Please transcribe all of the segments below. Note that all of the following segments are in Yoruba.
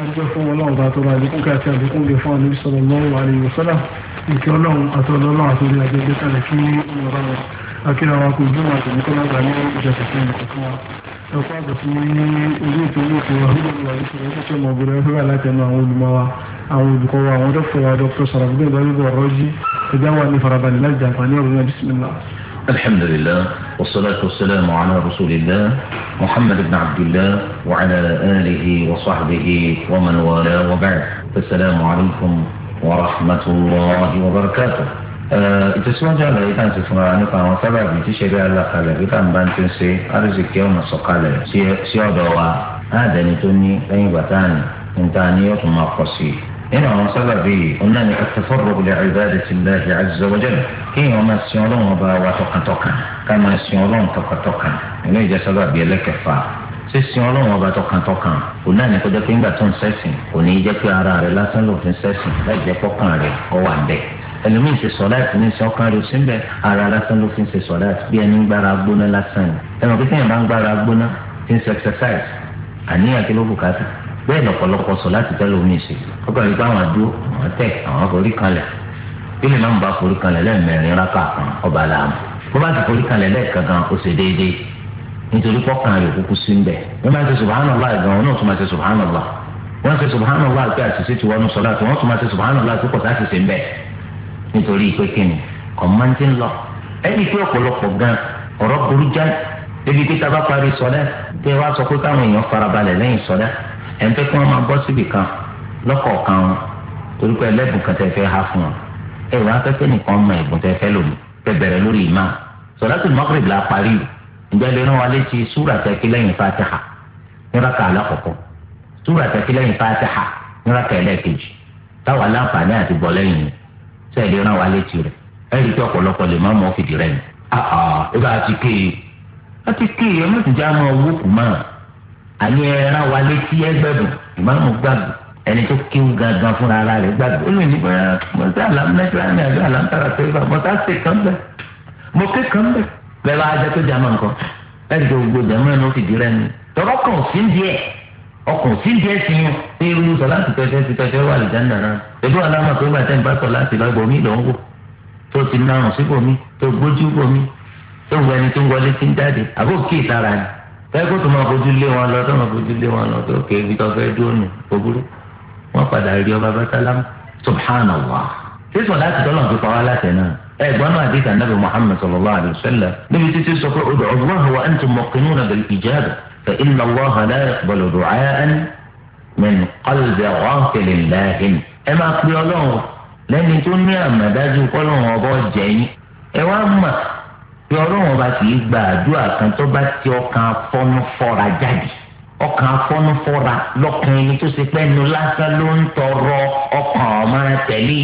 adúgbò fún ọlọ́run bá tó bá lékún kí àti àlékún lè fún àlébí sọ̀rọ̀ lọ́wọ́ àlèyé sọ́lá ìkẹ́ ọlọ́run àti ọlọ́run àti orí àjẹjẹ kalẹ̀ kí ọ̀rọ̀ rẹ̀ akéwà wa kò gbé wọn àtẹ̀mí kọ́lá gbà ní ìjọsìn fún ẹnì kọ̀ọ̀kan wa ẹ̀kọ́ àgbà fún ní orí ètò owó òkú wa nígbà wà lóṣù rẹ̀ kọ́kẹ́ mọ̀ bẹ̀rẹ̀ fẹ́rẹ̀ látẹnu àwọn olùmọ̀ wa àwọn olùkọ́ wa àwọn dókítà wa dókítà sọ̀rọ̀ الحمد لله والصلاة والسلام على رسول الله محمد بن عبد الله وعلى آله وصحبه ومن والاه وبعد السلام عليكم ورحمة الله وبركاته ìtẹ̀síwájú àlàyé tá à ń ti fúnra nípa àwọn sábàbí tí ṣẹlẹ̀ alákalẹ̀ bí tá à ń bá ń ti ń ṣe àrísìkí ọ̀nà sọ̀kalẹ̀ sí ọ̀dọ̀ wa àádẹ́ni tó ní lẹ́yìn bàtà ní níta ni yóò tún máa pọ̀ sí i. nínú àwọn sábàbí òun náà ni at-tafarruq li ibadati Allahi azza wa jalla kéèyàn máa sin ọlọ́run ọba wa tọkàntọkàn ká máa sin ọlọ́run tọkàntọkàn nínú ìjẹ́ sábàbí ẹlẹ́kẹfà sísin ọlọ́run ọba tọkàntọkàn òun náà ni kó jẹ́ pé ńgbà tó ń sẹ́sìn kò ní í jẹ́ pé ara rẹ̀ lásán ló fi ń sẹ́sìn láì jẹ́ pọ́kàn rẹ̀ ọ wà ń bẹ̀ ẹlòmíì ṣe sọláàtì ní ìṣe ọkàn rẹ̀ síbẹ̀ ara lásán ló fi ń ṣe sọláàtì bí ẹni ń gbára gbóná lásán ni ẹnì pé téèyàn bá ń gbára gbóná ti ń ṣe exercise àníyàn kí ló bùkátà bẹ́ẹ̀ ni ọ̀pọ̀lọpọ̀ sọ láti tẹ́lẹ̀ omi ìṣe ọkọ̀ nípa àwọn àdúró àwọn tẹ̀ àwọn forí kalẹ̀ bí lè má ń ba forí kalẹ̀ lẹ́ẹ̀mẹrin rákà kan ọba làámu bó bá ti forí kalẹ̀ lẹ́ẹ̀kan gan ó ṣe déédéé nítorí pọ́kàn rẹ̀ kúkú sí ń bẹ̀ wọ́n máa ń ṣe subhanallah gan wọn náà tún máa ṣe subhanallah wọ́n ṣe subhanallah pé àṣìṣe ti wọnú sọ́lá tí wọ́n tún máa ṣe subhanallah tó pọ̀ sáṣìṣe ń bẹ̀ nítorí pé kíni kọ̀mọ́ntì ń lọ ẹni pé ọ̀pọ̀lọpọ̀ gan ọ̀rọ̀ burú jáde ebi pé tá a bá parí sọ́lá tẹ́ wá sọ pé káwọn èèyàn farabalẹ̀ lẹ́yìn sọ́lá ẹ̀ ń fẹ́ kí wọ́n máa bọ́ síbì kan lọ́kọ̀ọ̀kan wọn torí pé ẹlẹ́bùn kan tẹ́ fẹ́ ha fún wọn ẹ wọ́n afẹ́fẹ́ nìkan mọ ẹ̀bùn tẹ́ fẹ́ lòmù tẹ́ bẹ̀rẹ̀ lórí ìmá sọ̀láṣí mọ́kìrì la parí o ǹjẹ́ lè rán wa létí súrà tẹ́kí lẹ́yìn fatiha níraka alákọ̀ọ́kọ́ súrà tẹ́kí lẹ́yìn fatiha níraka ẹlẹ́ẹ̀kejì táwa láǹfààní àti bọ̀ lẹ́yìn ni tẹ́ lè rán wa létí rẹ̀ ẹ rí pé ọ̀pọ̀lọpọ̀ lè má mọ́ fìdí rẹ̀ ni. ẹ bá a ti kéye a ti kéye ẹ ti já àní ẹran wa létí ẹgbẹ̀dùn ìmáàmù gbàgbọ́ ẹni tó kéwù gangan fúnra ara rẹ̀ gbàgbọ́ ó lè ní bẹ́ẹ̀ mọ̀tá àlámúlẹ́tìrán ní àjọ àlámútara sẹ́fà mọ̀tá sè kán bẹ́ẹ̀ mọ̀ ké kán bẹ́ẹ̀ bẹ́ẹ̀ bá ajá tó jàmọ̀ nǹkan ẹ̀rí tó gbogbo jàmọ̀ ẹ̀nu fìdí rẹ̀ ni tọ́rọ́ kàn sí díẹ̀ ọkàn sí díẹ̀ sí yún ní irú sọ láti tẹ̀sẹ̀ ti tẹ̀sẹ̀ wà lìjáná náà ètò àlámà tó gbà tẹ́ǹbà sọ láti lọ ibòmí lòún wò tó ti nárùn síbòmí tó gbójú bòmí tó gbẹni tó ń wọlé tí ń jáde àbókè ìtara ni tẹ́kọ̀ tó máa bójú lé wọn lọ tó máa bójú lé wọn lọ tó kéé ibi tó fẹ́ dúró nù gbogbo wọn padà rí ọba bàtàlámù subhanallah sísọ láti tọ́lọ̀ tó pa wá látẹ̀ náà ẹ̀gbọ́n náà àdìsá nàbì muhammed sallallahu alayhi wa sallam níbi títí sọ pé ud'u Allaha wa antum muqinuna bil ijaba fa inna Allaha la yaqbalu du'aan min qalbin ghafilin lahin. ẹ máa pe ọlọ́run lẹ́ni tó ní àmàdájú kọ́lọ́run ọbọ̀ jẹ́yìn ẹ wá mà pé ọlọ́run ọba kì í gba àdúrà kan tó bá ti ọkàn afọ́nú fọ́ra jáde ọkàn afọ́nú fọ́ra lọ́kàn ẹni tó ṣe pé ẹnu lásán ló ń tọrọ ọkàn ọmọ tẹ̀lé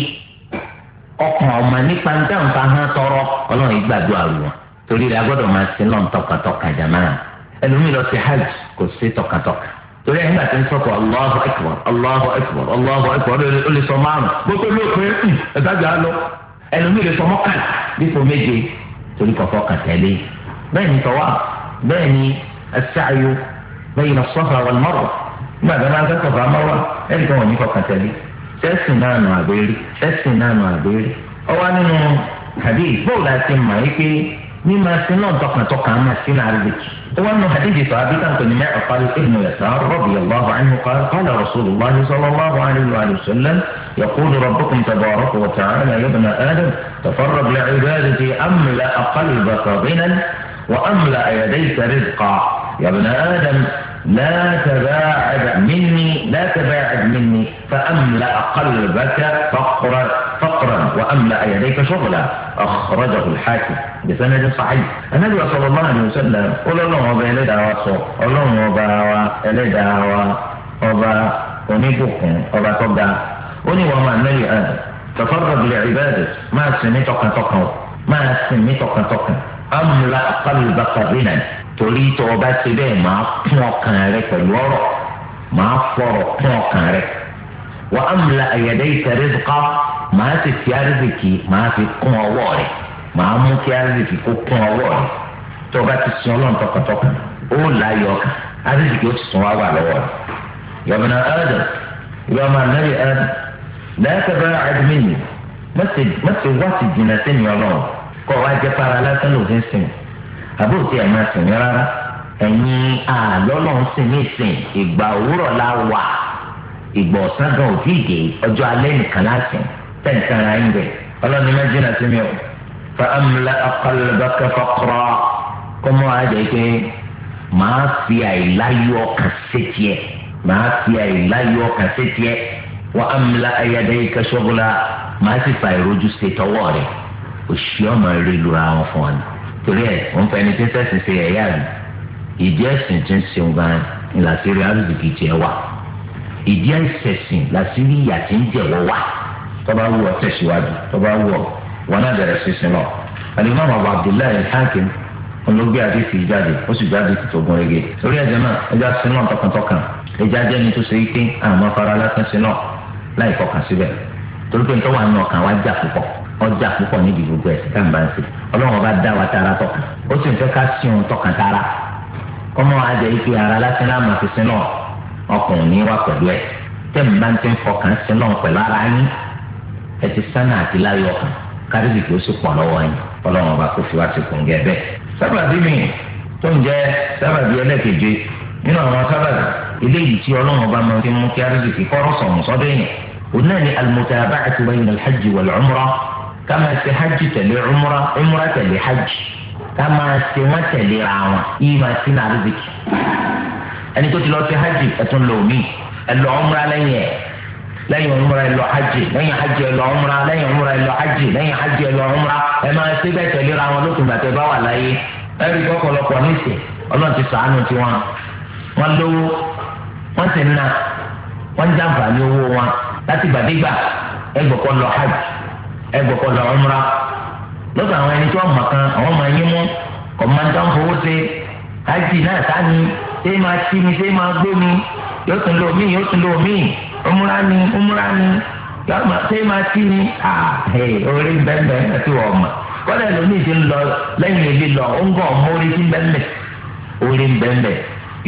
ọkàn ọmọ nípa dáǹfà hàn tọrọ ọlọ́run ìgbàdúrà wọn torí rẹ̀ agbọ́dọ̀ máa sin lọ́n tọkàntọkàn jàmáà ẹlòmíì lọ sí hajj kò sí tọkàntọkàn torí ẹ̀yìn àti nsọ́kọ̀ Allahu Akbar Allahu Akbar Allahu Akbar ó lè sọ márùn-ún gbogbo ló pé hmm, ẹ̀dájà lọ ẹlòmíì lè sọ mọ́kànlá dípò méje torí kọ̀kọ́ kà tẹ̀lé bẹ́ẹ̀ ni tọ́wà bẹ́ẹ̀ ni as-sa'yu bayna as-safa wal-marwa nígbà tó máa ń kẹ́kọ̀ọ́ bá mọ́wà ẹ̀rí kan wọ̀ ní kọ̀kọ́ tẹ̀lé sẹ́sìn náà nù àbẹ́rí sẹ́sìn náà nù àbẹ́rí ọwọ́ nínú hadith bóòlù àti mọ̀ مما سنون تقنى تقنى ما سنة عربك هو أنه حديث صحابي كان كنما قال ابن يسار رضي الله عنه قال قال رسول الله صلى الله عليه وآله وسلم يقول ربكم تبارك وتعالى يا ابن آدم تفرغ لعبادتي أملأ قلبك غنى وأملأ يديك رزقا يا ابن آدم لا تباعد مني لا تباعد مني فأملأ قلبك فقرا فقرا وأملأ يديك شغلا أخرجه الحاكم بسند صحيح النبي صلى الله عليه وسلم قل الله أبا إلدى وصو الله أبا إلدى أبا ونبكم أبا تبدا وني وما النبي آدم تفرغ لعبادة ما سميتك تقن ما سميتك تقن أملأ قلبك غنى torí tó o bá ti bẹ́ẹ̀ máa kún ọkàn rẹ pẹ̀lú ọ̀rọ̀ máa fọ̀rọ̀ kún ọkàn rẹ wà á múlá ẹ̀yẹ̀dẹ́ ìtẹ̀rẹ́dùkọ́ máa sì fi àrísìkì máa fi kún ọwọ́ rẹ máa mú kí àrísìkì kó kún ọwọ́ rẹ tó o bá ti sin ọlọ́run tọkàntọkàn ó láyọ̀ ọkàn àrísìkì ó ti sùn wá lọ́wọ́ rẹ yọ̀bùnà ẹ̀ẹ́dẹ̀ yọ̀ọ́mà nàbì ẹ̀ẹ́dẹ̀ lẹ́ẹ̀kẹ́bẹ̀rẹ̀ àdìmí àbòsí ẹ̀ máa sìn rárá ẹ̀yin àlọ́lọ́ ń sìn nísìn ìgbà òwúrọ̀ la wà ìgbà ọ̀sán gan ò tíì dé ọjọ́ alẹ́ nìkan láti tẹ̀sán ara ń bẹ̀ ọlọ́ni méjìlá sí mi ò fa amúlá akọlẹ́bàkẹ́ fọkọrọ kó mọ́ àjẹ́ pé màá fi àìláyọ̀ ọkàn sétí ẹ̀ màá fi àìláyọ̀ ọkàn sétí ẹ̀ wọ́n amúlá ayáde kẹsọ́gbọ́lá màá sì fa ìrojú sétọ́wọ́ rẹ̀ òṣìṣẹ́ ọmọ rẹ̀ lura wọn fún ọ ni torí ẹ̀ wọ́n fẹ́ ni tí sẹ́sìn ṣe ẹ̀yà rẹ̀ ìdí ẹ̀sìn tí ń ṣeun gan ni làṣírí arúgbìkì tiẹ̀ wà ìdí ẹ̀sẹ̀sìn làṣírí ìyà tí ń jẹ̀wọ́ wà tọ́ba wù ọ́ tẹ̀síwájú tọ́ba wù ọ́ wọn náà bẹ̀rẹ̀ sísin lọ. alimami abu abdullahi hakim olóògbé adéfì jáde ó sì jáde tó tógun rege torí ẹ̀jẹ̀ náà ẹja sinú tọkàntọkàn ẹja jẹ́ni tó ṣe pé àwọn afárá lásán sinú láì fọkàn síbẹ̀ torí pé nítorí wà nù ọkàn wá jà púpọ̀ ọjà púpọ̀ níbi gbogbo ẹ̀ tá n bá ń ṣe ọlọ́run ọba dá wa tara tọ̀kan ó sì ń fẹ́ ká sí òun tọ̀kan tara kọ́mọ ajẹ́ ife ara lásán náà máa fi sin náà ọkùnrin ní wá pẹ̀lú ẹ̀ tẹ́ ń bá ń tẹ́ ń fọkàn sin náà pẹ̀lú ara yín ẹ ti sánà àti láyọ̀ kan kárìbì kí ó sì pọ̀ lọ́wọ́ yín ọlọ́run ọba kò fi wá sí kòǹgẹ́ bẹ́ẹ̀. sábàbí mi tó ń jẹ́ sábàbí ẹlẹ́keje nínú àwọn sábàbí eléyìí tí ọlọ́run ọba máa fi mú kí kí kọ́rọ̀ sọ̀rọ̀ sọ́dọ̀ yẹn òun náà ni al-mutaba'atu bayna al-hajj wal Ka máa ṣe hajj tẹ̀lé umra umra tẹ̀lé hajj ká máa ṣe wọ́n awọn ra si yìí ẹni tó ti lọ hajj ẹ̀tún lò mí umra lẹ́yìn ẹ̀ umra ẹ hajj hajj ẹ umra lẹ́yìn umra hajj umra ẹ ra lókun gbàtẹ́ bá wà láyé ẹ rí ọ̀pọ̀lọpọ̀ níṣẹ́ ti tiwọn wọn lówó wọn ti wọn jàǹfààní owó wọn ẹ gbọ́kọ̀ lọ ọmọra lọ́sọ̀ àwọn ẹni tí wọ́n mọ̀ kan àwọn máa yín mú kò máa ń dán fowó ṣe ájì náà sáni ṣé máa tí mi ṣé máa gbó mi yóò tún lò mí yóò tún lò mí ọmọra ni ọmọra ni ṣé máa tí mi orí bẹ́ẹ̀ àti wọ́n mọ̀ kọ́lẹ̀ lónìí ti ń lọ lẹ́yìn ilé lọ ó ń gbọ́ ọmọ orí ti ń bẹ́ẹ̀ orí ń bẹ́ẹ̀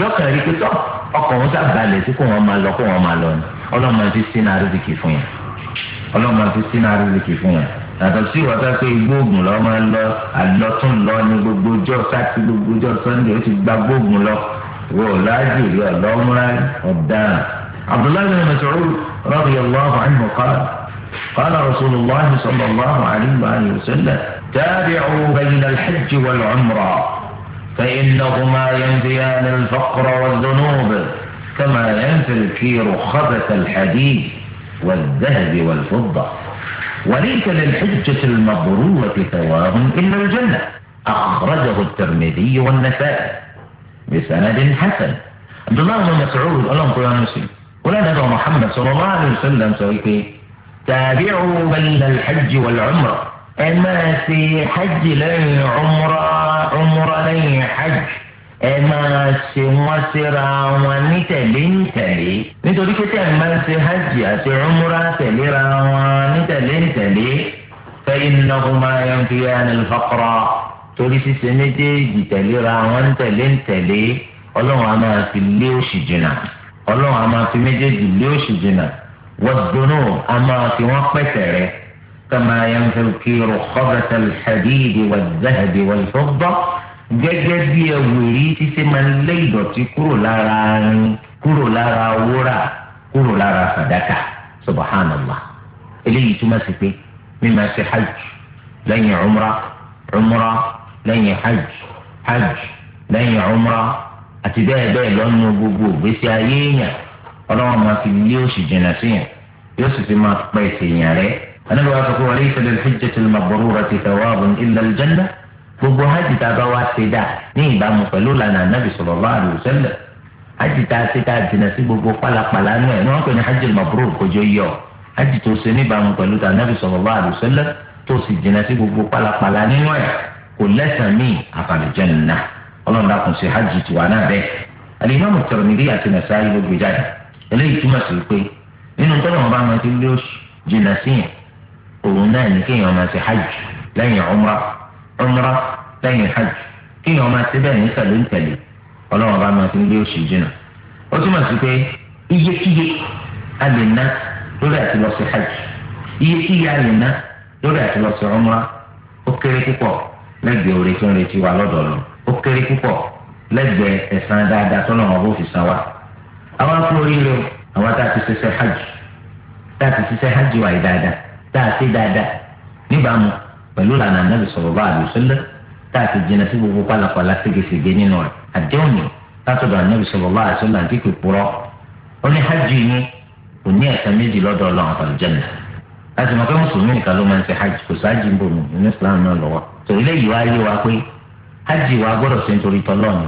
yọkàn rí pé tọ́ ọkọ̀ wọn sábà balẹ̀ sí kó wọn máa lọ kó wọn máa lọ ni ọlọ́mọ ti sínú àrídìkì fún ọlọ́mọ ti sínú àríwíkì fún yàn yàtọ̀ sí ìwà tó pé igbóògùn lọ máa ń lọ àlọ́tún lọ ní gbogbo ọjọ́ sátì gbogbo ọjọ́ sọ́ndé ó ti gba gbóògùn lọ wò láàjì rí ọlọ́mọláì ọ̀daràn. abdullahi bin masoud radiyallahu anhu qala qala rasulillah sallallahu alayhi wa sallam tabi'u bayna al-hajj wal-umrah فإنهما ينفيان الفقر والذنوب كما ينفي الكير خبث الحديد والذهب والفضة وليس للحجة المبرورة ثواب إلا الجنة أخرجه الترمذي والنسائي بسند حسن عبد الله بن مسعود ألم قرآن مسلم ولا ندعو محمد صلى الله عليه وسلم سويته إيه؟ تابعوا بين الحج والعمرة أما في حج لن عمرة عمرة لن حج ẹ máa ṣe wọ́n síra wọn ní tẹ̀lé ní tẹ̀lé nítorí pé tẹ̀ máa ṣe hajj àti umra tẹ̀léra wọn ní tẹ̀lé ní tẹ̀lé kí yanfiyani ní lọ́kọ́rọ́ torí ṣíṣe méjèèjì tẹ̀léra wọn ní tẹ̀lé ní tẹ̀lé ọlọ́run á máa fi lé oṣù jìnnà ọlọ́run á máa fi méjèèjì lé oṣù jìnnà wọ́dùnú á máa fi wọ́n pẹ̀tẹ̀ rẹ̀ kama yanfi al-kiru khabata al-hadidi wal-zahabi wal-fidda gẹ́gẹ́ bí ẹwìrì títí máa ń lé ìdọ̀tí kúrò lára arin kúrò lára wúrà kúrò lára fàdákà subhanallah eléyìí túmọ̀ sí pé mímọ ṣe hajj lẹ́yìn umra umra lẹ́yìn hajj hajj lẹ́yìn umra àti bẹ́ẹ̀ bẹ́ẹ̀ lọ́nu gbogbo ìgbésí ayé èèyàn ọlọ́wọ́n máa fi lé oṣù jìnnà sí yóò sì fi máa pẹ́ ìsèyàn rẹ̀ anábìwá sọ pé wàlẹ́ ìfẹ́lẹ́ hajjatul mabrurati thawabun illa al-jannah gbogbo hajj tá a bá wá ṣe dà ní ìbámu pẹ̀lú lànà anábì sallallahu alaihi wasallam hajj tá a ṣe dà jìnnà sí gbogbo pálapàla nù ẹ̀ ní wọ́n pè ní hajj mabrur kojú yọ hajj tó ṣe ní ìbámu pẹ̀lú tà anábì sallallahu alaihi wasallam tó sì jìnnà sí gbogbo pálapàla nínú ẹ̀ kò lẹ́sàn míì àfàlùjẹ́nà ọlọ́run dàkún sí hajj tiwa náà bẹ́ẹ̀ alimami Tirmidhi àti Nasa'i ló gbé jáde eléyìí túmọ̀ sí pé nínú tọ́lọ̀ wọn bá máa ti umra lẹ́yìn hajj kéèyàn máa ti bẹ́ẹ̀ ní tẹ̀lé ń bá máa fi gbé oṣù jìnnà ó túmọ̀ sí pé iyekíye hajj iyekíye lórí àti lọ sí ó kéré púpọ̀ lẹ́gbẹ̀ẹ́ tó ń retí wa lọ́dọ̀ ó kéré púpọ̀ lẹ́gbẹ̀ẹ́ dáadáa tó náà bó fi wa. àwọn o àwọn ti hajj tá hajj wa dáadáa dáadáa níbàámu pẹ̀lú lànà nàbì sallallahu alaihi wasallam tá a ti jìnnà sí gbogbo pálapàla ségesège nínú rẹ̀ àdéhùn ni látọ̀dọ̀ nàbì sallallahu alaihi wasallam àti kìkúrọ́ ó ní hajj yín kò ní ẹ̀sán méjì lọ́dọ̀ ọlọ́run àfàlùjẹ́nà láti mọ̀ pé mùsùlùmí nìkan ló máa ń ṣe hajj kò sáájì ń bò mí ní islam náà lọ́wọ́ torí léyìí wá yé wa pé hajj wa gbọ́dọ̀ ṣe nítorí tọ́lọ́run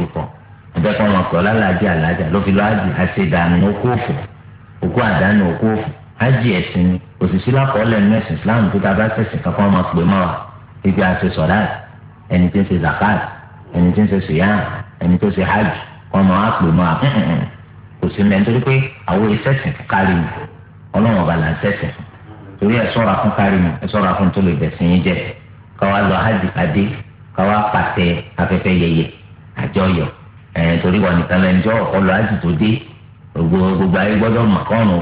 kọ́dé àjẹpọ̀ wọn kọ́ lálàájì àlájà ló fi láàjì àti ìdààmú okú òfò okú àdánù okú òfò ájì ẹ̀sìn ni òṣìṣẹ́ lákọọ́lẹ̀ nẹ́ẹ̀sì islam tó dábàá sẹ̀sìn kankan máa pè mọ́ wa ibi àti sọ̀dá ẹni tí ń ṣe zakat ẹni tí ń ṣe siyam ẹni tó ṣe hajj wọn máa pè mọ́ wa kò sí mẹ́ nítorí pé àwọn ìṣẹ̀sìn kárí mi ọlọ́run ọba là ń ṣẹ̀sìn torí ẹ̀ sọ́ra fún kárí mi ẹ̀ sọ́ra fún tó lè bẹ̀sìn yín jẹ́ káwa lọ hajj pàdé káwa pàtẹ afẹ́fẹ́ yẹyẹ àjọyọ̀ ẹ̀ torí wà nìkan lẹ́ni tí ọ̀kọ́ lọ àti tó dé gbogbo ayé gbọ́dọ̀ mọ̀ kọ́ọ̀nù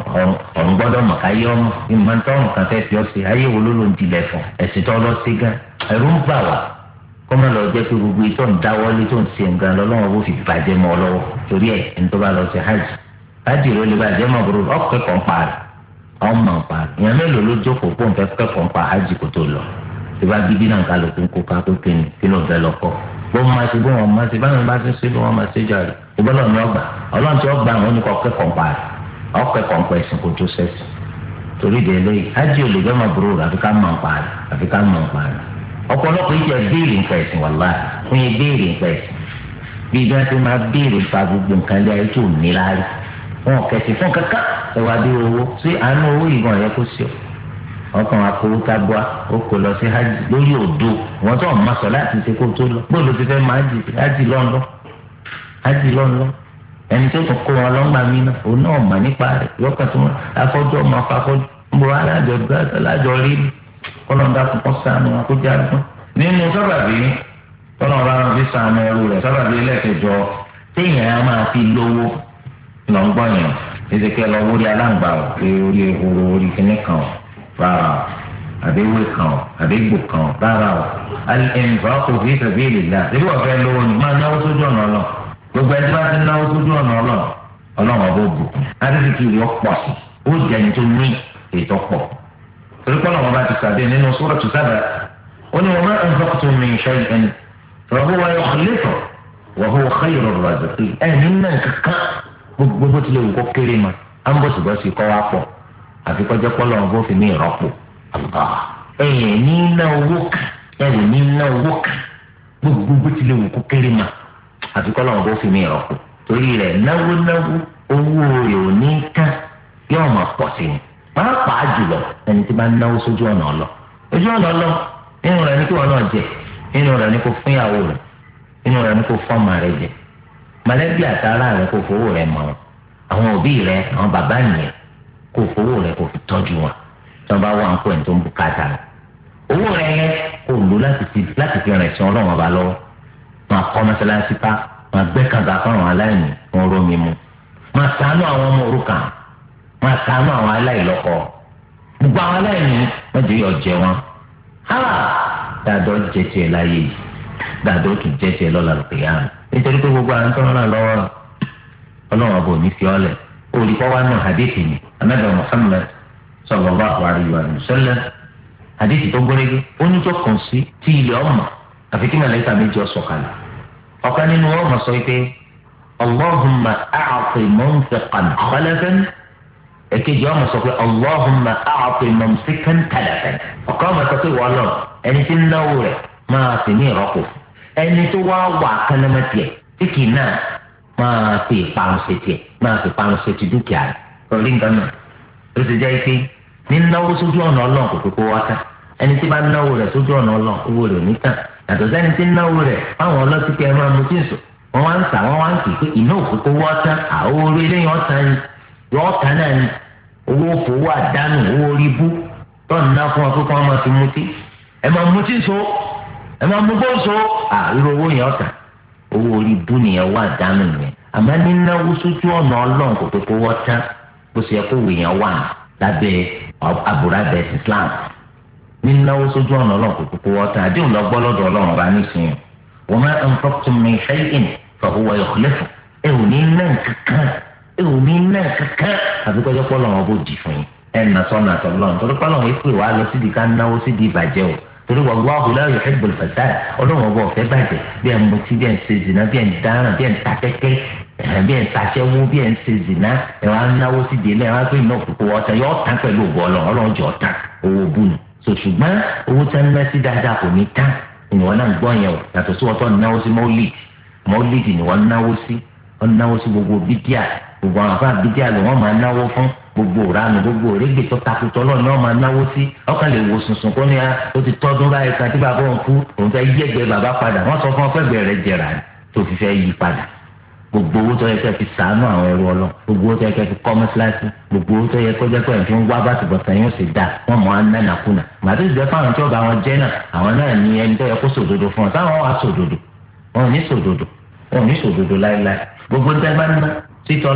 ọ̀run gbọ́dọ̀ mọ̀ káyé ọmọ ìmọ̀ tọ́rùn kan fẹ́ fi ọ́ sí ayé wo ló ló ń dilẹ̀ fún ẹ̀sìn tó lọ sí gan ẹ̀rú ń bà wá kó má lọ jẹ́ pé gbogbo ìtọ́ ń dáwọ́lé tó ń ṣe nǹkan lọ́wọ́ bó fi bàjẹ́ mọ́ ọ lọ́wọ́ torí ẹ̀ ń tó bá lọ sí hajj hajj ló lè bàjẹ́ mọ́ bòrò ọ̀kẹ́kọ̀ọ́ ń pa ọmọ ń pa rẹ̀ mélòó ló jókòó pọ̀ ń fẹ́ kẹ́kọ̀ọ́ ń pa hajj kó tó lọ ìbá gidi náà kálukú kó ká pé kíni kí ló ń fẹ́ lọ kọ́ bó máa ti bó wọn máa ti báwọn bá ti ṣe ló wọn ni ọgbà Ọlọ́run tí ọgbà àwọn oníkọ kẹ́kọ̀ọ́ ń parí ọkọ kò tó torí de eléyìí ájì olùgbé máa burú rẹ àfi ń parí ń parí ọ̀pọ̀lọpọ̀ ìjà béèrè ọkàn akówóká bua oko kò lọ sí hajj lórí òdo wọn tó ọmọ sọ láti ṣe kó tó lọ bóòlù ti fẹ́ máa hajj lọ́nlọ́ hajj lọ́nlọ́ ẹni tó kọ kó wọn lọ́ngbà mí náà òun náà mà nípa rẹ̀ lọ́kàn tó wọn afọ́jú ọmọ afọ́jú mo alájọ alájọ rí kọ́lọ́ńdà kọ́kọ́ sànù akójú àgbọ̀n nínú sábàbí tọ́lọ́ọ̀rọ̀ àwọn fi sànù ẹrú rẹ̀ sábàbí ẹlẹ́kẹjọ téèyàn á máa fi lówó lọ́ngbọ̀nyàn ẹ̀ẹ́dẹ̀kẹ́ lọ wórí aláǹgbà orí ehoro orí kìnnìkan o rárá o àbí ìwé kan o àbí ìgbò kan o rárá o ẹnìkan kò fi ìfẹ̀bí ìlera ṣébí wọ́n fẹ́ lówó ni máa náwó sójú ọ̀nà ọlọ́ gbogbo ẹni bá ti náwó sójú ọ̀nà ọlọ́ ọlọ́run ọ̀bọ̀ bùkún adébí kiri ọ̀pọ̀ sí ó jẹ́ ẹni tó ní ètò pọ̀ torí pé ọlọ́run bá ti sàdé nínú sórọ̀tù sábà ó ní wọn máa ń fọ́ tó mi ìṣọ́ ẹni rọ̀bù wa yọ ọ̀lẹ́fọ̀ wọ̀hún ọ̀kẹ́yọ̀rọ̀ rọ̀ àzọ̀kẹ́ ẹ̀ nínú nǹkan kan gbogbo bó tilẹ̀ wù kó kéré ma á ń bọ̀ ṣùgbọ́n sí kọ́ wa pọ̀ àfi kọjá pọlọ wọn bó fi mí rọ́pò àbùkà ẹyìn ní iná owó kan ẹyìn ní iná owó kan gbogbo bó tilẹ̀ wù kó kéré ma àfi kọlọ wọn bó fi mí rọ́pò torí rẹ̀ náwó náwó owó rẹ̀ ò ní tán yóò máa pọ̀ sí i pàápàá jùlọ ẹni tí bá ń náwó sójú ọ̀nà ọlọ ojú ọ̀nà ọlọ nínú rẹ̀ ní kí wọn náà jẹ nínú rẹ̀ ní kó fún ìyàwó rẹ̀ nínú rẹ̀ ní kó fún ọmọ rẹ̀ jẹ mọ̀lẹ́bí àtàrà rẹ̀ kó fowó rẹ̀ mọ àwọn òbí rẹ̀ àwọn bàbá nìyẹn kó owó rẹ kó fi tọ́jú wọn tí wọn bá wà ń pè ní tó ń bùkátà rẹ owó rẹ yẹn kó lò láti fi láti fi rìn sí ọlọ́run ọba lọ́wọ́ máa kọ́ mọ́sálásí pa máa gbẹ́ kànga fáwọn aláìní wọn rómi mu máa ṣàánú àwọn ọmọ òrukàn máa ṣàánú àwọn aláìlọ́kọ gbogbo àwọn aláìní wọn jẹ́ ọ̀jẹ̀ wọn dàdọ́ jẹ́ tiẹ̀ láyé yìí dàdọ́ tún jẹ́ tiẹ̀ lọ́la lọ́kẹ́yà nítorí pé gbogbo àwọn tó ń ràn lọ́wọ́ ọlọ́run ọba anabi muhammed sallallahu alayhi wa sallam àdéhìí tó gbórígé oníjọ kan sí tí ilẹ̀ ọmọ àfi kí اللهم أعطي ọ̀sọ̀ kalẹ̀ ọ̀kan nínú ọmọ sọ pé allahumma a'ti munfiqan khalafan èkejì ọmọ sọ pé allahumma a'ti mumsikan talafan ọ̀kan ọmọ sọ pé wọ́n lọ ẹni tí ń náwó rẹ̀ máa fi ní ìrọ́pò ẹni tó wá wà kánámẹ́tì ẹ̀ tí kì í náà máa fi ìparun ṣe tiẹ̀ máa fi ìparun ṣe ti dúkìá rẹ̀ orí nǹkan náà ló ti jẹ́ pé ní náwó sójú ọ̀nà ọlọ́run kò pé kó wá ká ẹni tí bá náwó rẹ̀ sójú ọ̀nà ọlọ́run owó rẹ̀ ní tàn yàtọ̀ sẹ́ni tí náwó rẹ̀ fáwọn ọlọ́tí kẹ́ máa mutí sùn wọ́n wá ń tà wọ́n wá ń kì pé iná òkúkú wọ́ tán àwọn orí lẹ́yìn ọ̀tàn ni yọ̀ọ́ kan náà ni owó fowó àdánù owó orí bú tọ́ọ̀nù náà fún ọkọ̀ kan máa fi mutí ẹ máa mutí so ẹ máa mú bóso àìrò owó yẹn ọ̀tàn owó orí bú nìyẹn wà àdánù yẹn àmọ́ nínáwó sójú ọ̀nà ọlọ́run kò pé kó wọ́ tán bó ṣe yẹ kó wèèyàn wà lábẹ́ àbúradà islam nínáwó sójú ọ̀nà ọlọ́run kò kókó wọ́n tán àdéhùn lọ gbọ́ lọ́dọ̀ ọlọ́run bá nísìnyí wa ma anfaqtum min shay'in fa huwa yukhlifu ẹ ò ní náà kankan ẹ ò ní náà kankan àbí kọjá pọ́ lọ́wọ́ bó dì fún yín ẹ nà sọ́nà àtọ̀lọ́run torí pọ́ lọ́wọ́ ìpè wá lọ síbi ká náwó síbi ìbàjẹ́ o torí wallahu la yuhibbul fasad ọlọ́run ọba ẹ̀hàn bí ẹ̀ ń taṣẹ́wó bí ẹ̀ ń ṣe zìnà ẹ̀ wá ń náwó sí délé ẹ̀ wá pé iná òkùnkùn ọ̀tá yọ ọ̀tá pẹ̀lú ògbọ́ ọlọ́run ọlọ́run jọ ọ̀tá owó bù ní. sò ṣùgbọ́n owó tí wọ́n ná sí dáadáa kò ní tán ìwọ náà gbọ́ yẹn o yàtọ̀ sí ọtọ́ náwó sí mọ́lìd mọ́lìd ni wọ́n náwó sí wọ́n náwó sí gbogbo bídíà gbogbo àwọn afá bídíà ló wọ́n máa náwó fún gbogbo òranu gbogbo òrégbè tó takùtọ̀ lọ́ọ̀ náà máa náwó sí ọkàn lè wò sùnsùn kó ní a ah, ó ti tọ́dún báyìí kan tí bàbá òun kú òun fẹ́ yẹ̀gbẹ́ bàbá padà wọ́n sọ fún ọ fẹ́ bẹ̀rẹ̀ tó fi fẹ́ yí padà gbogbo owó tó yẹ kẹ́ fi sàánú àwọn ẹrú ọlọ gbogbo owó tó yẹ kẹ́ fi kọ́ mọ́síláṣí gbogbo owó tó yẹ kó jẹ́ pé ẹ̀fín ń wá bàtìbọ̀tàn yóò sì dá wọn mọ̀ án náà nàkúnà màtí ìjẹ́ fáwọn tí ó bá wọn jẹ́ náà àwọn náà ní ẹni tó yẹ kó sòdodo fún wọn táwọn wà sòdodo wọn ò ní sòdodo wọn ò ní sòdodo láéláé gbogbo tẹ́ bá ná títọ́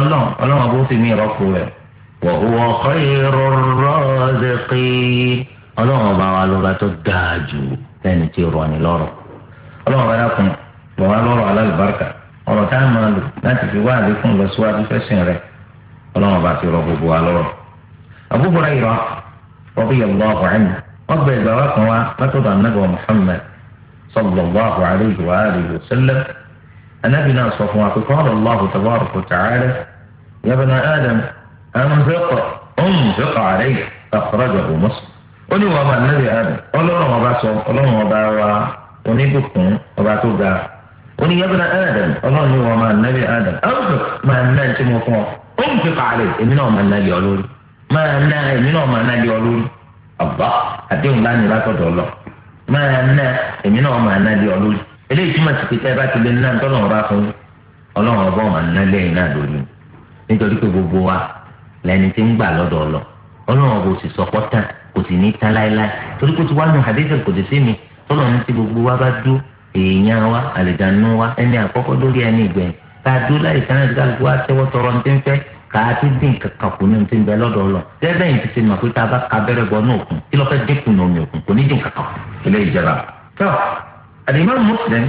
lọ́n ọlọ́run bá ọ̀rọ̀ tá a máa lò láti fi wá àlékún ìlọsíwájú fẹ́sìn rẹ̀ ọlọ́run bá ti rọ gbogbo wa lọ́rọ̀. Abu Hurairah radiyallahu anhu ọgbà ìgbà wa kan wá látọ̀dọ̀ anábì wa Muhammad sallallahu alayhi wa alihi wa sallam anábì náà sọ fún wa pé qala Allahu tabaraka wa ta'ala ya bani Adam anfiq unfiq alayka akhrajahu Muslim ó ní wàá ma anábì Adam ọlọ́run ọba sọ ọlọ́run ọba wa oníbùkún ọba tó ga ó ní na ẹ̀ẹ́dẹ̀m ọlọ́run ní wọn máa nábì ẹ̀ẹ́dẹ̀m ẹ̀ẹ́dẹ̀m máa ná tí mo fún ọ ó ń fi pààlẹ̀ èmi náà máa nábì ọlórí máa ná èmi náà máa eléyìí tẹ́ bá ti lé fún lẹ́yìn náà lórí nítorí pé gbogbo wa lẹni ń gbà ò èèyàn wa àlejànú wa ẹni àkọ́kọ́ lórí ẹni ìgbẹ́ káàdó láì sáyẹn tí kálukú wa tẹ́wọ́ tọrọ ní ti ń fẹ́ káàtó dín kankan kù ní ti ń bẹ lọ́dọ̀ ọlọ sẹ́fẹ̀ yìí ti ti mọ̀ pé tá a bá ka bẹ́rẹ̀ bọ́ ní òkun kí ló fẹ́ dínkù ní omi òkun kò ní dín kankan ilé ìjọba. tó àdìmọ́ Muslim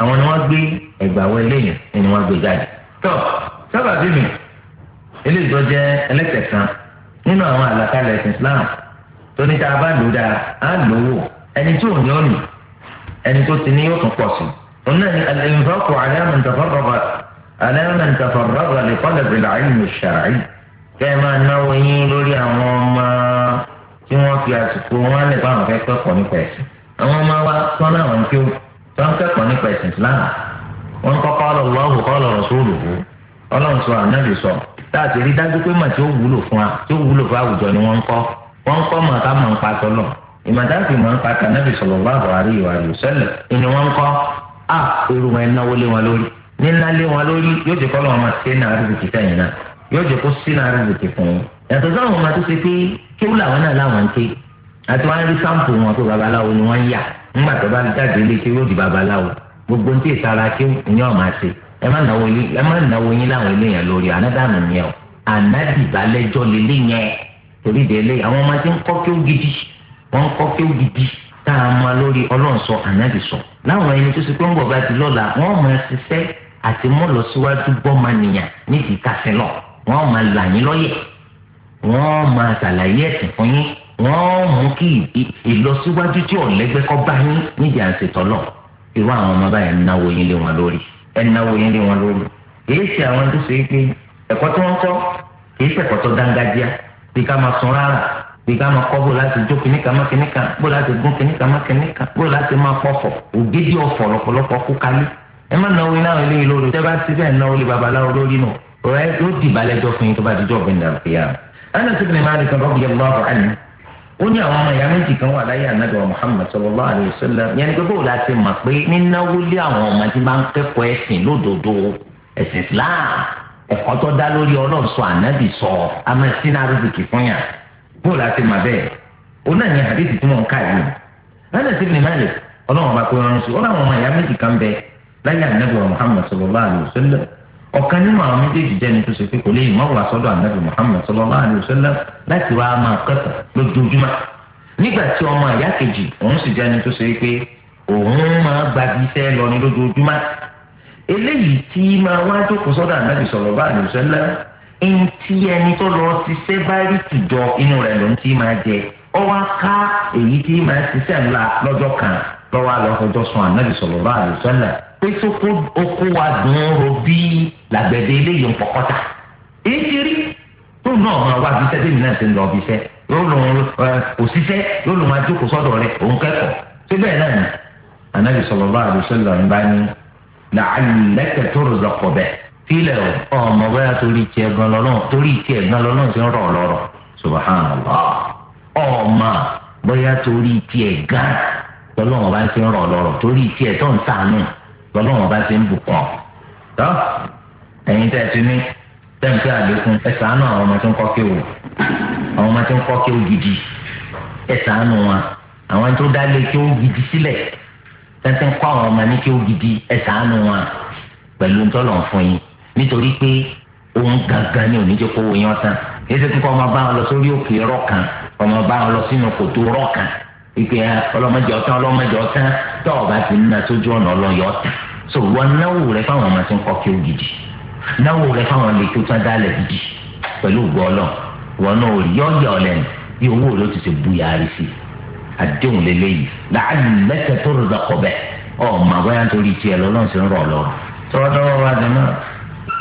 àwọn ni wọ́n gbé ẹgbàáwọ̀ eléyìn ni wọ́n gbé jáde. tó sábà bí mi jẹ́ ẹlẹ́sẹ̀ nínú àwọn àlàkalẹ̀ Islam tó ní tá a bá lò dáa á lò wò ẹni tí òun yọ ẹni tó ti ní yóò tún pọ̀ sí i òun náà ni al-infaq ala man tafarraga ala man tafarraga li talab al-ilm ash-shar'i kẹ́ ẹ máa náwó yín lórí àwọn ọmọ tí wọ́n fi àsìkò wọn lè bá àwọn fẹ́ kẹ́kọ̀ọ́ nípa ẹ̀sìn àwọn ọmọ wa tán náà wọn kí ó tán kẹ́kọ̀ọ́ nípa ẹ̀sìn Islam wọn kọ́ qala ọlọ́run sọ kọ́ wọ́n ń ìmọ̀tàǹfì máa ń pa kànáàbì sallallahu alaihi wa sallam ìní wọn ń kọ́ à irú wọn náwó lé wọn lórí níná lé wọn lórí yóò jẹ́ kọ́ lọ́wọ́ máa ṣe náà rìbìtì sẹ́yìn náà yóò jẹ́ kó sí náà rìbìtì fún yín yàtọ̀ sáwọn ọmọ tó ṣe pé kíw làwọn náà láwọn ń ké àti wọn rí sáǹpù wọn pé babaláwo ni wọn yà ńgbà tó bá jáde lé kí yóò di babaláwo gbogbo ní ìsara kí ni ọ̀ máa ṣe ẹ má náwó yín láwọn eléyàn lórí ànádànù yẹn o ànádìbálẹ́jọ́ lélẹ́yìn torí délé àwọn ọmọ tí ń kọ́ kí ó gidi wọn kọ́ kí ó gidi tá a máa lórí ọlọ́run sọ ànábì sọ láwọn ẹni tó ṣe pé ń bọ̀ bá ti lọ́la wọ́n máa ṣiṣẹ́ àti mọ́ lọ síwájú bọ́mà nìyàn nídìí kásẹ̀ lọ wọ́n máa là yín lọ́yẹ̀ wọ́n máa ṣàlàyé ẹ̀sìn fún yín wọ́n mú kí ìlọsíwájú tí ọ̀lẹ́gbẹ́ kọ́ bá yín nídìí à ń ṣètọ́ lọ irú àwọn ọmọ báyìí ń náwó yín lé wọn lórí ẹ̀ ń náwó yín lé wọn lórí èyí ṣe àwọn tó ṣe é pé ẹ̀kọ́ tí wọ́n kọ́ kì í ṣẹ̀kọ́ dángájíá bí ká máa sun rárá ìgbà máa kọ́ bó láti jó kìnìkan má kìnìkan bó láti gún kìnìkan má kìnìkan bó láti máa pọ̀fọ̀ ògidì ọ̀fọ̀ lọ́pọ̀lọpọ̀ kú kálí ẹ má náwó iná ilé yìí lórí tẹ́ bá ti bẹ́ẹ̀ náwó lé babaláwo lórí nù ọ̀rẹ́ yóò dì balẹ̀ jọ fún yín tó bá di jọ́ ọ̀gbìn dàrú ìyá rẹ̀ ẹnà tó kìnìún rọ́bì yẹn lọ́wọ́ àná ó ní àwọn ọmọ ìyá méjì kan wà láyé ànábẹ́wò Muhammad sallallahu alayhi wa sallam yẹn ni pé bóòlù àti mà pé nínáwó lé àwọn ọmọ Islam ẹ̀kọ́ tó dá lórí Ọlọ́run sọ ànábì sọ amẹ́sínárì bóòlù àti màbẹ́ẹ̀ òun náà ní àdéhùn tí wọ́n ń ká yìí lánàá sí ní máyè ọlọ́run bá pé wọn ọ ọlọ́run ọmọ ìyá méjì kan bẹ láyé ànábì muhammed sallallahu alayhi wa ọ̀kan nínú àwọn méjèèjì jẹ́ni tó ṣe pé kò lè má wà sọ́dọ̀ ànábì muhammed sallallahu alayhi wa láti wá máa kẹ́kọ̀ọ́ lójoojúmọ́ nígbà tí ọmọ ìyá kejì òun sì jẹ́ni tó ṣe pé òun máa wa ntí ẹni tó lọ ṣiṣẹ́ bá rí tìjọ inú rẹ̀ ló ń tí máa jẹ ọ wá ká èyí tí máa ṣiṣẹ́ ńlá lọ́jọ́ kan lọ́wọ́ àlọ́fọjọ́ sun ànábì sọ̀rọ̀ bá àlè sọ́lẹ̀ pé sóko oko wa dùn ún ro bí làgbẹ̀dẹ eléyìí ń pọ̀kọ́ta èyí ti rí tó náà máa wá bíṣẹ́ tèmi náà ti ń lọ bíṣẹ́ yóò lò ó òṣìṣẹ́ yóò lò máa jókòó sọ́dọ̀ rẹ̀ òun kẹ́kọ̀ọ́ tó bẹ́ẹ̀ náà ni ànábì sọ̀rọ̀ bá àlè ń bá ní làálù lẹ́kẹ̀ẹ́ tó rò zọkọ̀ bẹ́ẹ̀ filẹ̀ o ọmọ báyà torí tiẹ̀ gan lọ́nà torí tiẹ̀ gan lọ́nà ti ń rọ̀ lọ́rọ̀ subhanallah ọmọ báyà torí tiẹ̀ gan lọ́nà bá ti ń rọ̀ lọ́rọ̀ torí tiẹ̀ tó ń sànù lọ́nà bá ti ń bùkún tọ́ ẹ̀yin tẹ́ ti ní tẹ́ǹtẹ́ àlékún ẹ ṣàánú àwọn ọmọ tó ń kọ́ kéwù àwọn ọmọ tó ń kọ́ kéwù gidi ẹ ṣàánú wọn àwọn tó dá lé kéwù gidi sílẹ̀ tẹ́ǹtẹ́ ń kọ́ àwọn ọmọ ní kéwù gidi ẹ ṣàánú wọn pẹ̀lú ntọ́lọ̀ fún yín nítorí pé òun gangan ni oníjẹ́ kówó yẹn tán èsì kíkọ́ ọmọ bá wọn lọ sórí òkè rọ̀ kan ọmọ bá wọn lọ sínú kòtò rọ̀ ìpè ah, ọlọ́mọdé ọ̀tán ọlọ́mọdé ọ̀tán tó ọba ti ń na sójú ọ̀nà ọlọ́yọ̀ ọ̀tán so wọn náwó rẹ fáwọn ọmọ tí ń kọ́ kí ó gidi náwó rẹ fáwọn lè tó tán dálẹ̀ gidi pẹ̀lú gbọ́lọ̀ wọn náà ò yọ̀ọ̀yọ̀ lẹ́nu bí owó rẹ ti ṣe buyari sí i àdéhùn lélẹ́yìí làálù mẹ́tẹ̀ẹ́tò rẹ̀ dọ̀kọ̀ bẹ́ẹ̀ ọ̀ màgbáyà nítorí tiẹ̀ lọ́lọ́run ti ń rọ̀ lọ́rùn tọ́wọ́tọ́wọ́ wa dẹ̀ náà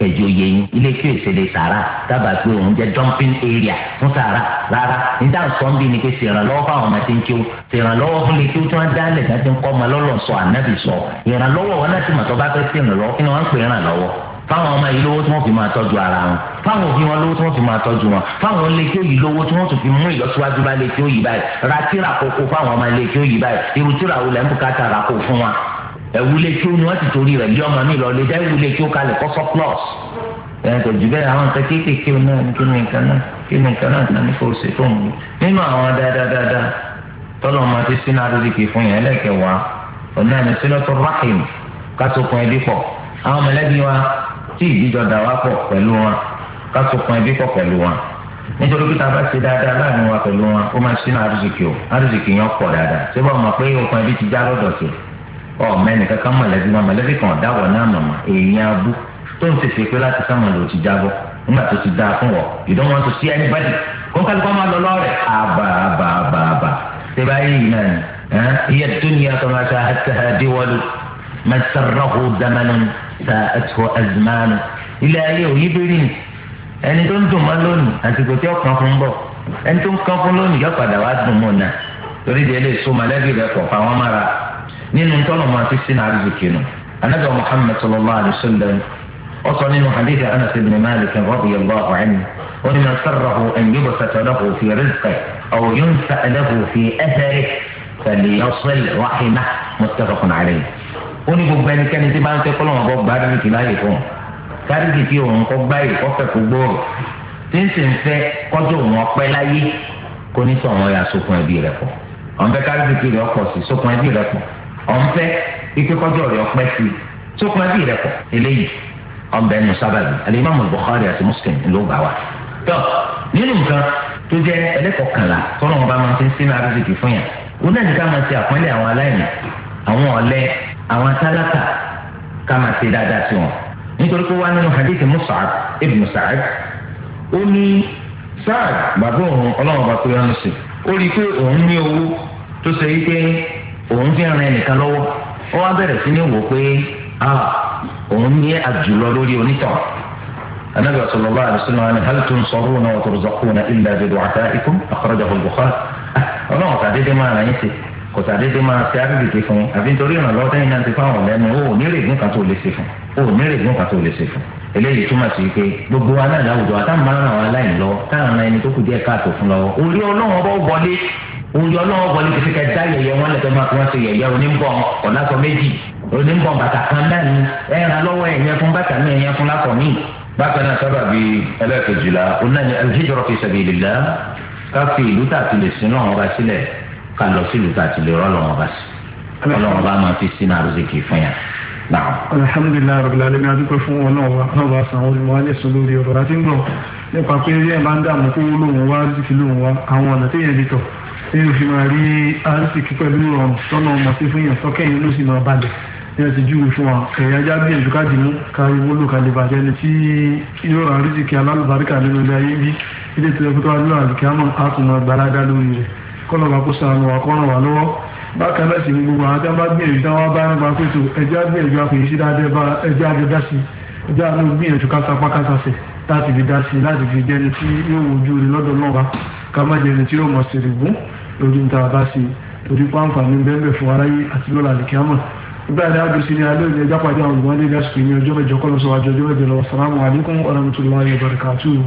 kẹjọ yẹ yín ilé tí ìṣẹ̀lẹ̀ sàrà dábàá pé òun jẹ dumping area fún sàrà rárá níta nǹkan bíi ni pé ṣèrànlọ́wọ́ fáwọn ọmọ tí ń kí o ṣèrànlọ́wọ́ fún lè kí o tí wọ́n dá lẹ̀ dájú ń kọ́ ọmọ lọ́lọ́ sọ ànábì sọ ìrànlọ́wọ́ wọn láti mọ̀ tó bá fẹ́ ṣèrànlọ́wọ́ kí ni wọ́n ń pè ìrànlọ́wọ́ fáwọn ọmọ yìí lówó tí wọ́n fi máa tọ́jú ara wọn fáwọn òbí wọn lówó tí wọ́n fi máa tọ́jú wọn fáwọn ilé tí ó yìí lówó tí wọ́n tún fi mú ìlọsíwájú bá lè tí ó yìí báyìí ra tíra koko fáwọn ọmọ ilé tí ó yìí báyìí irú tíra wo lẹ́ ń bùkátà ra kó fún wa ẹ̀wúlé kí ó ní wọ́n ti torí rẹ̀ bí ọmọ mi lọ lè dá ẹ̀wúlé kí ó kalẹ̀ kọ́sọ́ plus ẹ̀ẹ́dọ̀ jù bẹ́ẹ̀ àwọn nǹkan kéékèèké náà kí ni nǹkan náà kí ni nǹkan náà náà ní kò ṣe fún mi nínú àwọn dáadáa tọ́lọ̀ máa ti sínú adúlíkì fún yẹn ẹlẹ́kẹ̀wàá ọ̀nà ẹni sílọ́tọ̀ rákìm kátòkun ẹbí pọ̀ àwọn mọ̀lẹ́bí wa tí ìdíjọ dà wá pọ̀ pẹ̀lú wọn kátòkun ẹbí pọ̀ pẹ̀lú wọn nítorí pé tá a bá ṣe dáadáa láàrin wa pẹ̀lú wọn ó máa sínú adúlíkì o adúlíkì yẹn pọ̀ dáadáa ṣé bá wọn pé okun ẹbí ti já lọ́dọ̀ sí i ọ mẹ́ni kankan mọ̀lẹ́bí máa mọ̀lẹ́bí kan dáwọ̀ náà màmá èèyàn abú tó ń tètè pé láti sámà lò ti jábọ̀ nígbà tó ti dáa fún ọ you don't want to see anybody kó kálukú máa lọ lọ́ọ̀rẹ̀ àbà àbà àbà àbà ṣé báyìí yìí náà ni iye dúnìá kan máa ṣe àtẹ̀hàdéwọ́lù mẹsàrọ́hù dámánù ta ẹ̀tọ́ ẹ̀zìmánù ilé ayé òyí bèrè ni ẹni tó ń dùn mọ́ lónìí àsìkò tí ọkàn fún bọ̀ ẹni tó ń kàn fún lónìí yọ padà wá dùn mọ́ náà torí di ẹlẹ́sùn mọ̀lẹ́bí rẹ̀ pọ̀ fáwọn mára nínú tọ́lọ̀ máa fi sínú àríwíkì nù anabi muhammed sallallahu alayhi wa sallam ó sọ nínú hadith anas ibn malik radiyallahu anhu ó ní man sarrahu an yubsata lahu fi rizqi aw yunsa lahu fi atharihi falyasil rahimah muttafaqun alayhi ó ní gbogbo ẹnikẹ́ni tí bá ń fẹ́ kọ́lọ́mọ̀ bọ́ gba àríwíkì láàyè fún un tí òun kọ́ gbáyè kọ́fẹ́ kó gbòòrò tí ń sì ń fẹ́ kọ́jú òun ọpẹ́ láyé kó ní sọ̀rọ̀ ya sókun ẹbí rẹ̀ pọ̀ ọ̀nfẹ́ ìkékọ́jọ́ rẹ̀ ọ̀pẹ́ sí i sókun ẹbí rẹ̀ pọ̀ eléyìí ọ̀nbẹ nù sábàbí alimami Bukhari àti Muslim ló gbà wá. tó nínú nǹkan tó jẹ́ ẹlẹ́kọ̀ọ́kànlá tọ́nà ọba máa ti ń sínú arísìkì fún yàn wọn náà ní ká máa ṣe àpọ́nlé àwọn aláìní àwọn ọ̀lẹ àwọn tálákà ká máa ṣe dáadáa sí wọn nítorí pé wá nínú hadith Mus'ab òun fi ran ẹnìkan lọ́wọ́ ó wá bẹ̀rẹ̀ sí ní wò pé òun ní àjùlọ lórí onítàn anabi sallallahu alaihi wasallam ni hal tunṣaruna wa turzaquna illa bi du'ata'ikum akhrajahu al-Bukhari ọlọ́run kò sàdédé máa ràn yín sí kò sàdédé máa ṣe ábìbìkì fún yín àfi nítorí ìrànlọ́wọ́ tẹ́yìn náà ti fáwọn ọ̀lẹ́ni ó ò ní règùn kan tó lè ṣe fún ó ní règùn kan tó lè ṣe fún eléyìí túmọ̀ sí pé gbogbo wa náà láwùjọ àtàwọn táwọn ẹni tó kù díẹ̀ káàtó fún lọ́wọ́ òun yọ lọ́wọ́ wọlé kìí ká dá yẹyẹ wọn lẹ́tọ́ máa fi wọn ṣe yẹyẹ onímbọ̀n ọ̀làsọ méjì onímbọ̀n bàtà kan náà ni ẹ̀ràn lọ́wọ́ ẹ̀yẹ fún bàtà mi ẹ̀yẹ fún lápọ̀ mi. bákan náà sábà bíi ẹlẹ́kẹ̀jìlá onáni alhijra fi sabilillah ká fi ìlú tà ti lè sin lọ́wọ́ bá sílẹ̀ ká lọ sí ìlú tà ti lè rọ́ lọ́wọ́ bá sí ọlọ́wọ́ bá máa fi sínú àrùsíkì fún yà náà. alhamdulilayi rabil alamin adúpẹ́ fún wọn náà wa náà wàá san olùmọ alẹ sọ lórí ọ̀rọ̀ àti ń gbọ́ nípa pé ẹ bá ń dààmú kó lóun wá lóun wá àwọn ọ̀nà téèyàn lè tọ̀ ní o fi máa rí àrísìkí pẹ̀lú ọ̀rùn tọ́nà ọmọ sí fún yàn sọ́kẹ́yìn ló sì máa balẹ̀ ní ọ̀sẹ̀ júwe fún wa ẹ̀yà ajá bí èjò ká dìmú ká ìwó ká lè bàjẹ́ ni tí yóò ra àrísìkí alálùbáríkà nínú ilé ayé bí ilé tó yẹ kó tó wá nílò àríkì àmọ́ àkùnrin àgbàlagá lórí rẹ̀ kọ́nà wa kó sànù wa kọ́nà wa lọ́wọ́ bákan náà sì ni gbogbo àwọn tí wọ́n bá gbìyànjú tí wọ́n bá ń gba pé tó ẹjẹ́ àgbìyànjú àpèyí sí dáadẹ́bá ẹjẹ́ àjọdá sí ẹjẹ́ àlọ́ gbìyànjú kásápá kásásẹ̀ láti fi dá lórí níta bá sí torí pé àǹfààní bẹ́ẹ̀ fún aráyé àti lọ́la àlìkíámà nígbà tí a dùn sí ní alẹ́ òní ẹjá pàdé àwọn olùwádìí dásìkò ní ọjọ́ mẹ́jọ kọ́ lọ́sọ̀wájú ọjọ́ mẹ́jọ lọ́wọ́ sàlámù alaykum wa rahmatulahi wa barakatuhu.